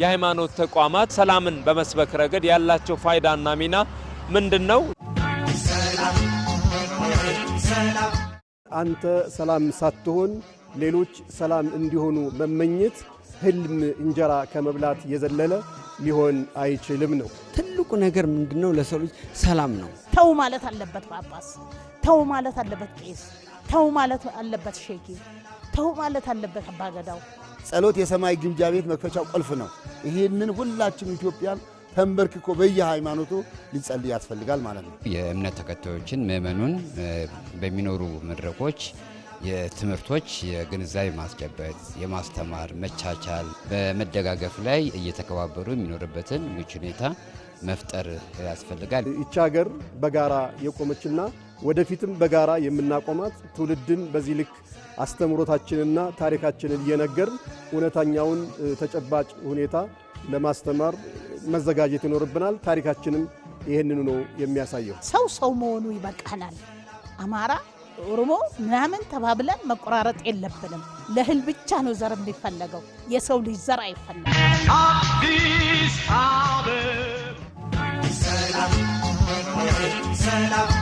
የሃይማኖት ተቋማት ሰላምን በመስበክ ረገድ ያላቸው ፋይዳና ሚና ምንድን ነው? አንተ ሰላም ሳትሆን ሌሎች ሰላም እንዲሆኑ መመኘት ህልም እንጀራ ከመብላት የዘለለ ሊሆን አይችልም ነው። ትልቁ ነገር ምንድን ነው? ለሰው ልጅ ሰላም ነው። ተው ማለት አለበት ጳጳስ፣ ተው ማለት አለበት ቄስ፣ ተው ማለት አለበት ሼኪ፣ ተው ማለት አለበት አባገዳው ጸሎት የሰማይ ግምጃ ቤት መክፈቻ ቁልፍ ነው። ይህንን ሁላችን ኢትዮጵያን ተንበርክኮ በየሃይማኖቱ ሊጸልይ ያስፈልጋል ማለት ነው። የእምነት ተከታዮችን ምእመኑን በሚኖሩ መድረኮች የትምህርቶች የግንዛቤ ማስጨበጥ፣ የማስተማር መቻቻል፣ በመደጋገፍ ላይ እየተከባበሩ የሚኖርበትን ምቹ ሁኔታ መፍጠር ያስፈልጋል። ይቺ ሀገር በጋራ የቆመችና ወደፊትም በጋራ የምናቆማት ትውልድን በዚህ ልክ አስተምሮታችንና ታሪካችንን እየነገር እውነተኛውን ተጨባጭ ሁኔታ ለማስተማር መዘጋጀት ይኖርብናል። ታሪካችንም ይህንኑ ነው የሚያሳየው። ሰው ሰው መሆኑ ይበቃናል። አማራ፣ ኦሮሞ ምናምን ተባብለን መቆራረጥ የለብንም። ለእህል ብቻ ነው ዘር የሚፈለገው። የሰው ልጅ ዘር አይፈለግም። ሰላም